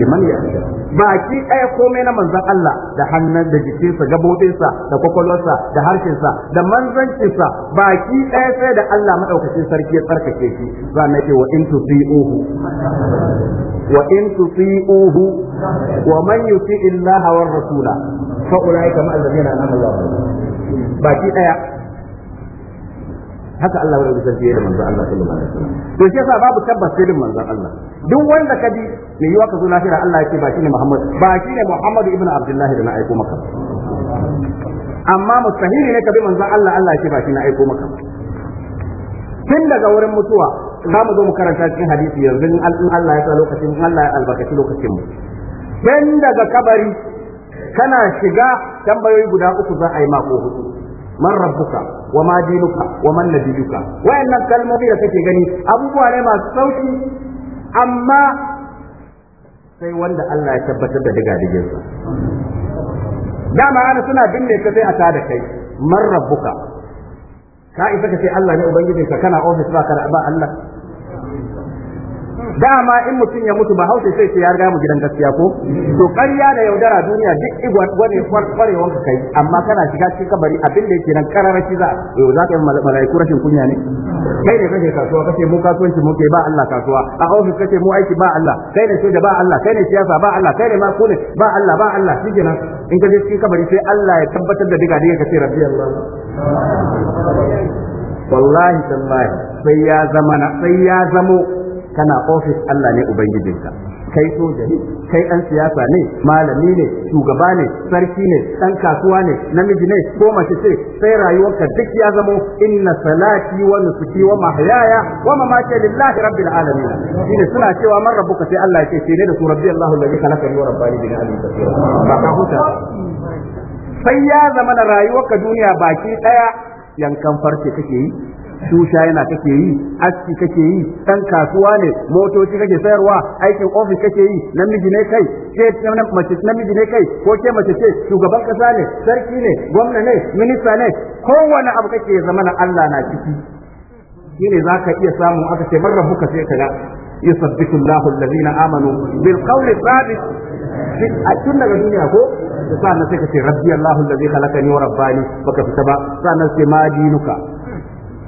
liman yakhsha baki ɗaya komai na manzan Allah da hannun da jikinsa gabobinsa da kwakwalwarsa da harshensa da manzancinsa baki ɗaya sai da Allah maɗaukacin sarki ya tsarkake shi za na ce wa in tusiuhu wa in tusiuhu wa man yuti illaha war rasula fa ulaika ma alladhina anama Allah baki ɗaya haka Allah wani kusan fiye da manzon Allah sallallahu alaihi wasallam to shi yasa babu tabbas sai din manzon Allah duk wanda ka ji me yiwa ka zo lahira Allah yake ba shine Muhammad ba shine Muhammad ibn Abdullah da na aiko maka amma mustahili ne ka bi manzon Allah Allah yake ba shine aiko maka tun daga wurin mutuwa za mu zo mu karanta cikin hadisi yanzu in Allah ya sa lokacin Allah ya albarkaci lokacin mu tun daga kabari kana shiga tambayoyi guda uku za a yi mako hudu man rabbuka wa ma dinuka wa man nabiyuka wayannan kalmomi da kake gani abubuwa ne masu sauki amma sai wanda Allah ya tabbatar da daga diginsa dama ana suna binne ka sai a tada kai man rabbuka ka isa ka ce Allah ne ubangijinka kana office ba ka ba Allah dama in mutum ya mutu ba hausa sai sai ya riga mu gidan gaskiya ko to ƙarya da yaudara duniya duk igwat wani kwarewan ka kai amma kana shiga cikin kabari abin da yake nan kararraki za yau za ka yi mala'iku rashin kunya ne kai ne kake kasuwa kashe mu kasuwanci mu ke ba Allah kasuwa a ofis kashe mu aiki ba Allah kai ne sai da ba Allah kai ne siyasa ba Allah kai ne ma ku ne ba Allah ba Allah kenan in ka je cikin kabari sai Allah ya tabbatar da diga diga kace rabbi Allah wallahi tallahi sai ya zama sai ya zamo kana ofis Allah ne ubangijinka kai soja ne kai ɗan siyasa ne malami ne shugaba ne sarki ne ɗan kasuwa ne namiji ne ko mace ce sai rayuwarka duk ya zamo inna salati wa nusuki wa mahyaya wa mamati lillahi rabbil alamin shine suna cewa man rabbuka sai Allah ya ce sai ne da su rabbi Allahu alladhi khalaqani wa rabbani bi alim ba ka huta sai ya zama na rayuwarka duniya baki daya yankan farce kake yi shusha yana kake yi aski kake yi dan kasuwa ne motoci kake sayarwa aikin ofis kake yi namiji ne kai ke mace namiji ne kai ko ke mace ce shugaban kasa ne sarki ne gwamna ne minista ne kowane abu kake zama na Allah na ciki shine ka iya samun aka ce man rabbuka sai kaga يثبت الله bil امنوا بالقول a tun daga duniya ko sa'an sai ka ce rabbi Allahu allazi khalaqani wa rabbani baka fita ba sa'an sai ma dinuka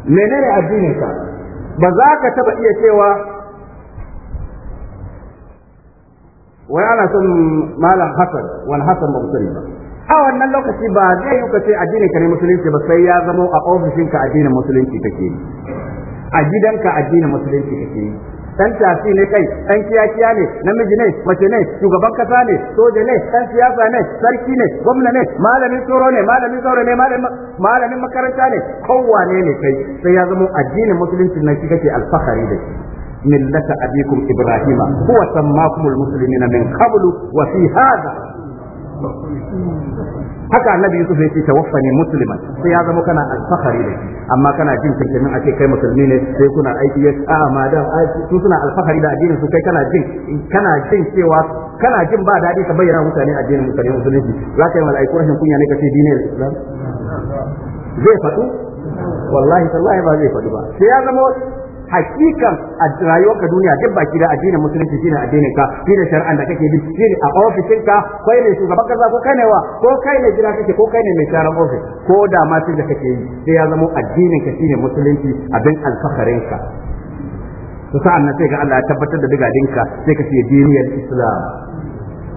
menene addinin ka ba za ka taba iya cewa wai ana son malam hasan wani hasan ba ba a wannan lokaci ba zai yi ka ce addinin ka ne musulunci ba sai ya zama a ofishinka addinin musulunci kake a gidanka addinin musulunci kake dan tafi ne kai dan kiyakiya ne namiji ne mace ne shugaban kasa ne soja ne dan siyasa ne sarki ne gwamna ne malamin tsoro ne malamin tsoro ne malamin makaranta ne kowane ne kai sai ya zama addinin musulunci na shi kake alfahari da shi millata abikum ibrahima huwa sammakumul muslimina min qablu wa fi hadha haka annabi yusuf ya ce tawaffani musliman sai ya zama kana alfahari da shi amma kana jin kankanin ake ce kai musulmi ne sai kuna aiki ya a ah, madam su suna alfahari da addinin su kai kana jin kana jin cewa kana jin ba daɗi ka bayyana mutane addinin mutane musulunci za ka yi mala'iku rashin kunya ne ka dinin islam zai faɗu wallahi tallahi ba zai faɗu ba sai ya zama hakikan a rayuwarka duniya duk baki da addinin musulunci shine addinin ka shine shari'an da kake bi shine a ofishin ka kai ne shugaban kaza, ko kai ne wa ko kai ne gida kake ko kai ne mai sharan ofis ko da ma da kake yi sai ya zama addinin ka shine musulunci abin alfaharin ka to sa'an nan sai ga Allah ya tabbatar da ka, sai ka ce diniyar Islam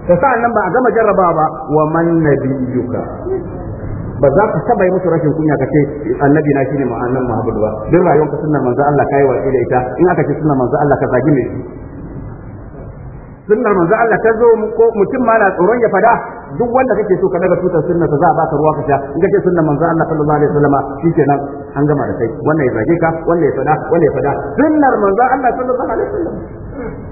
to sa'an nan ba a gama jarrabawa ba wa man nabiyuka ba za ka saba yi musu rashin kunya ka ce annabi na shine ma'annan muhammadu ba duk rayuwar ka sunnar manzo Allah kai wa da ita in aka ce sunnar manzo Allah ka zagi ne sunnar manzo Allah ta zo ko mutum ma na tsoron ya fada duk wanda kake so ka daga tutar sunnar ta za a baka ruwa ka sha in kace sunnar manzo Allah sallallahu alaihi wasallama shikenan an gama da kai wannan ya zage ka wannan ya fada wannan ya fada sunnar manzo Allah sallallahu alaihi wasallam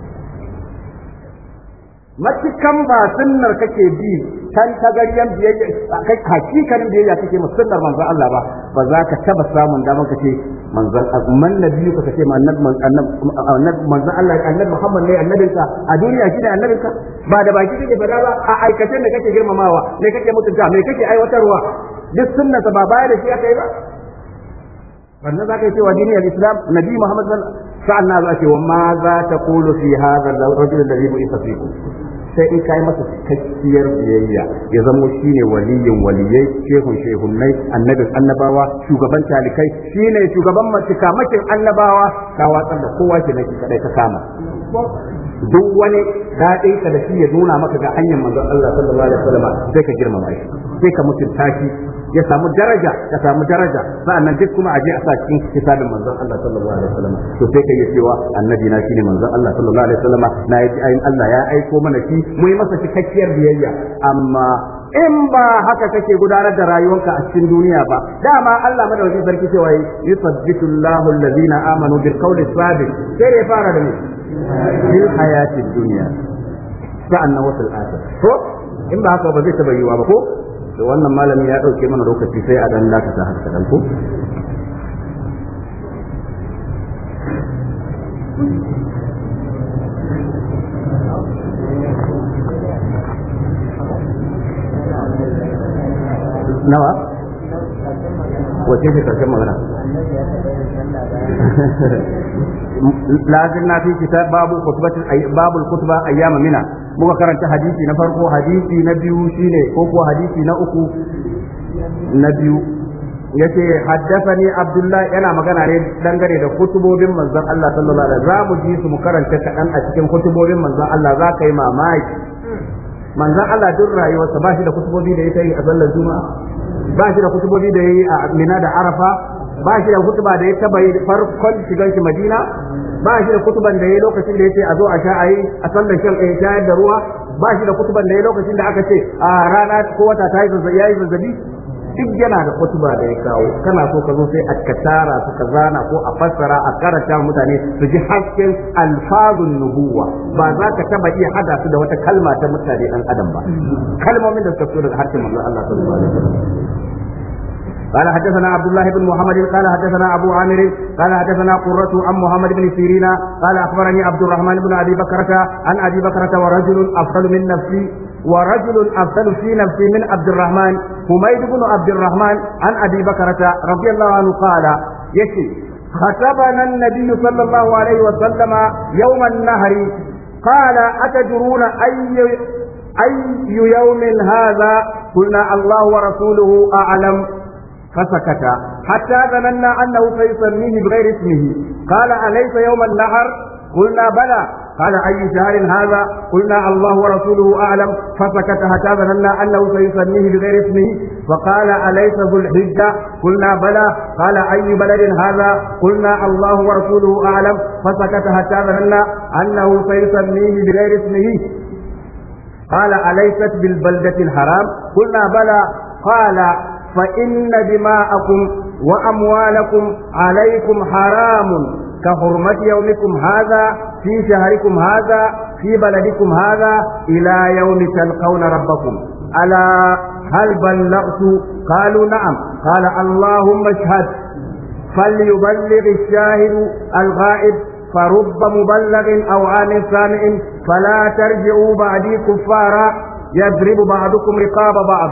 matukan ba sunnar kake bi kan gariyan biyayya hakikan biyayya kake ma sunnar manzon Allah ba ba za ka taba samun damar ka ce manzon man nabi ka ce manzon Allah annabi Muhammad ne annabin ka a duniya shi ne annabin ka ba da baki kake fada ba a aikace ne kake girmamawa ne kake mutunta me kake aiwatarwa duk sunnar ba baya da shi akai ba wannan za ka yi cewa dini al-islam nabi muhammad sallallahu alaihi wasallam sa'an na za ce wa ma za ta kulu fi hadha al rajul alladhi bu'itha fikum sai in kai masa cikakkiyar biyayya ya zamo shine waliyin waliyai shehun shehunnai annabi annabawa shugaban talikai shine shugaban matamakin annabawa ka watsar da kowa ke kadai ka kama duk wani daɗin ka da shi ya nuna maka ga hanyar manzon Allah sallallahu alaihi wasallam sai ka girmama shi sai ka mutunta shi ya samu daraja ka samu daraja sa'annan duk kuma aje a sa cikin kitabin manzon Allah sallallahu alaihi wasallam to sai kai cewa annabi na shine manzon Allah sallallahu alaihi wasallam na yaji ayin Allah ya aiko mana shi mu yi masa cikakkiyar biyayya amma in ba haka kake gudanar da rayuwarka a cikin duniya ba dama Allah madaukakin sarki cewa yusabbitu Allahu allazina amanu bil qawli sabit sai ya fara da ni bil hayatid dunya sa'annan wasal akhir ko in ba haka ba zai taba yiwa ba ko da wannan malami ya ɗauke mana lokaci sai a dan lakata har kaɗan ko nawa wace ce karshen magana lazim na fi kitab babu khutbatin babu khutba ayyama mina muka karanta hadisi na farko hadisi na biyu shine ko ko hadisi na uku na biyu yace haddathani abdullah yana magana ne dangane da kutubobin manzon Allah sallallahu alaihi wasallam za mu ji su mu karanta kadan a cikin kutubobin manzon Allah za ka yi mamaki manzon Allah duk rayuwarsa ba shi da kutubobi da yayi yi a sallar juma'a ba shi da kutubobi da yayi yi a Mina da Arafa ba shi da kutuba da ya taba yi farkon shigan shi Madina ba shi da kutuban da ya lokacin da ya ce a zo a sha a sallar shan a shayar da ruwa ba shi da kutuban da ya lokacin da aka ce a rana ko wata ta yi zazzabi zazzabi duk yana da kutuba da ya kawo kana so ka zo sai a ka tara su ka zana ko a fassara a karanta mutane su ji hasken alfazun nubuwa ba za ka taba iya hada su da wata kalma ta mutane dan adam ba kalmomin da suka fito daga harshen manzon Allah sallallahu alaihi wasallam قال حدثنا عبد الله بن محمد قال حدثنا أبو عامر قال حدثنا قرة عن محمد بن سيرين قال أخبرني عبد الرحمن بن أبي بكرة عن أبي بكرة ورجل أفضل من نفسي ورجل أفضل في نفسي من عبد الرحمن حميد بن عبد الرحمن عن أبي بكرة رضي الله عنه قال يكي خطبنا النبي صلى الله عليه وسلم يوم النهر قال أتدرون أي أي يوم هذا قلنا الله ورسوله أعلم فسكت حتى ظننا أنه سيسميه بغير اسمه قال أليس يوم النحر قلنا بلى قال أي شهر هذا قلنا الله ورسوله أعلم فسكت حتى ظننا أنه سيسميه بغير اسمه فقال أليس ذو الحجة قلنا بلى قال أي بلد هذا قلنا الله ورسوله أعلم فسكت حتى ظننا أنه سيسميه بغير اسمه قال أليست بالبلدة الحرام قلنا بلى قال فإن دماءكم وأموالكم عليكم حرام كحرمة يومكم هذا في شهركم هذا في بلدكم هذا إلى يوم تلقون ربكم ألا هل بلغت قالوا نعم قال اللهم اشهد فليبلغ الشاهد الغائب فرب مبلغ أو عام سامع فلا ترجعوا بعدي كفارا يضرب بعضكم رقاب بعض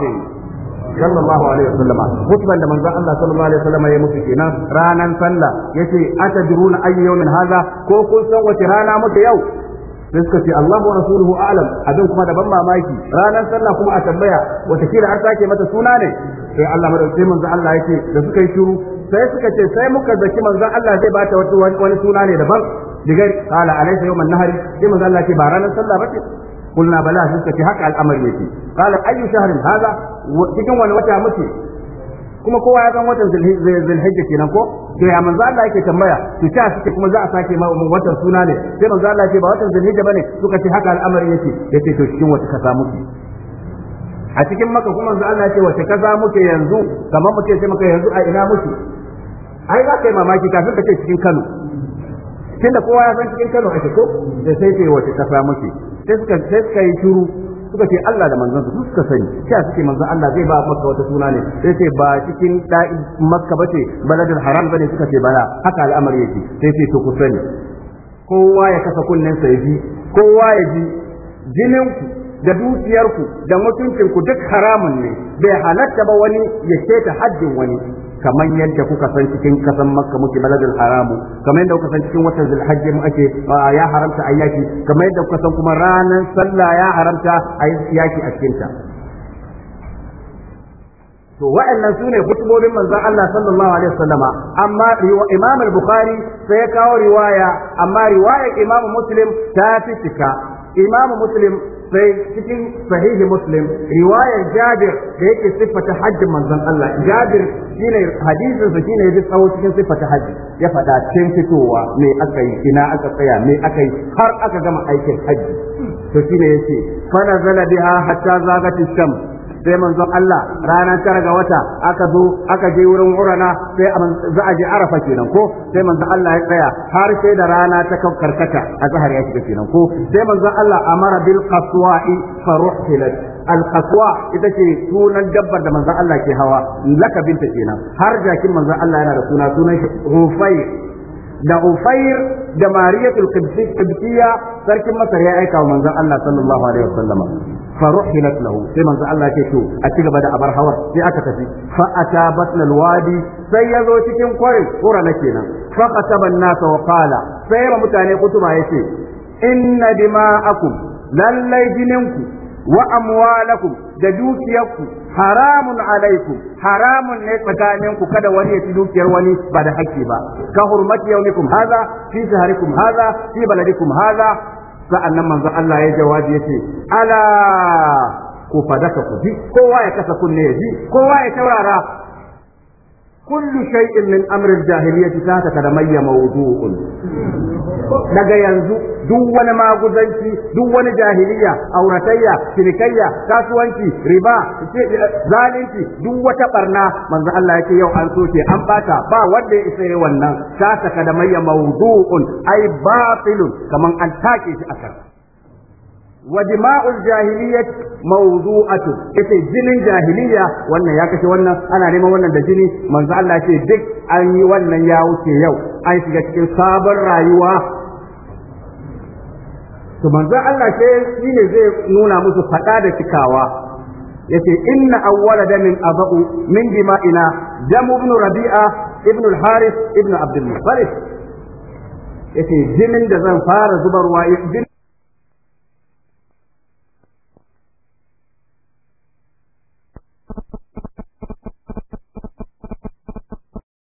sallallahu alaihi wasallama hutban da manzon Allah sallallahu alaihi wasallama ya musu kenan ranan sallah yace atajruna na yawmin haza ko kun wace rana muka yau sai suka ce Allah wa rasuluhu a'lam abin kuma da ban mamaki ranar sallah kuma a tambaya wata kila an sake mata suna ne sai Allah madaukakin manzo Allah yake da suka yi shiru sai suka ce sai muka zaki manzo Allah zai bata wani suna ne daban digar qala alaysa yawm an-nahari sai manzo Allah ba ranar sallah bace قلنا بلا suka ce haka al'amari yake qala ayu shahrin hadha cikin wani wata muke kuma kowa ya san watan zulhijja kenan ko to ya manzo Allah yake tambaya to ta suke kuma za a sake ma watan suna ne sai manzo Allah ce ba watan zulhijja bane suka ci haka al'amari yake yace to cikin wata kasa muke a cikin maka kuma manzo Allah ce wace kaza muke yanzu kamar muke sa maka yanzu a ina muke ai za ka yi mamaki kafin ka ce cikin Kano tunda kowa ya san cikin Kano ake ko da sai wace kasa muke sai suka sai suka yi shiru suka ce Allah da manzon su suka sani cewa suke manzon Allah zai ba maka wata suna ne sai ce ba cikin da'i makka bace baladul haram bane suka ce bala haka al'amari yake sai ce to ku sani kowa ya kasa kunnen sa ji kowa ya ji jinin ku da dukiyarku da mutuncin ku duk haramun ne bai halatta ba wani ya keta haddin wani kamar yadda kuka san cikin kasan makka muke baladul haramu kamar yadda kuka san cikin watan zulhajji mu ake ya haramta a yaki kamar yadda kuka san kuma ranar sallah ya haramta a yaki a cikin to wa'annan su ne hutubobin manzon Allah sallallahu alaihi wasallama amma Imam al-Bukhari sai ya kawo riwaya amma riwayar Imam Muslim ta fi cika Imam Muslim sai cikin sahihi muslim riwayar jabir da yake siffata hajjin manzon Allah jabir shine hadisin sa shine yaji tsawo cikin siffata hajji ya fada cikin fitowa me aka yi ina aka tsaya me aka yi har aka gama aikin hajji to shine yace fa nazala biha hatta zagat shams sai manzon Allah rana tara ga wata aka zo aka je wurin urana sai za a je arafa kenan ko sai manzon Allah ya tsaya har sai da rana ta karkata a zahar ya shiga kenan ko sai manzon Allah amara bil qaswa'i faruhilat al qaswa ita ce sunan dabbar da manzon Allah ke hawa laka binta kenan har jakin manzon Allah yana da suna sunan rufai da Ufair da Mariyatul Qibtiyya sarkin Masar ya aika wa manzon Allah sallallahu alaihi wasallam ruhilat lahu sai manzon Allah ce to a ci gaba da abar hawar sai aka tafi fa atabat lil wadi sai ya zo cikin kwari kura na kenan fa qataba nas wa qala sai mutane kutuba yace inna dima'akum lallai jininku wa amwalakum da dukiyarku haramun alaikum haramun ne tsakaninku kada wani ya ci dukiyar wani ba da hakki ba ka hurmati yaumikum haza sahari shaharikum haza fi baladikum haza sa'annan manzo Allah ya jawabi yace ala ku fadaka ku ji kowa ya kasa kunne ya ji kowa ya taurara kullu shay'in min amri al-jahiliyyati taka kadamayya daga yanzu duk wani maguzanci duk wani jahiliya auratayya cinikayya kasuwanci riba zalunci duk wata barna manzo Allah yake yau an soke an bata ba wanda ya isa wannan da kadamayya mawdu'un ai batilun kaman an take shi akan wa dima'ul jahiliyyah mawdu'atu yace jinin jahiliya wannan ya kashe wannan ana neman wannan da jini manzo Allah ce duk an yi wannan ya wuce yau an shiga cikin sabon rayuwa to manzo Allah ce shine zai nuna musu faɗa da cikawa yace inna awwala damin abu min dima'ina damu ibn rabi'a ibn al-harith ibn abd al-muttalib yace jinin da zan fara zubarwa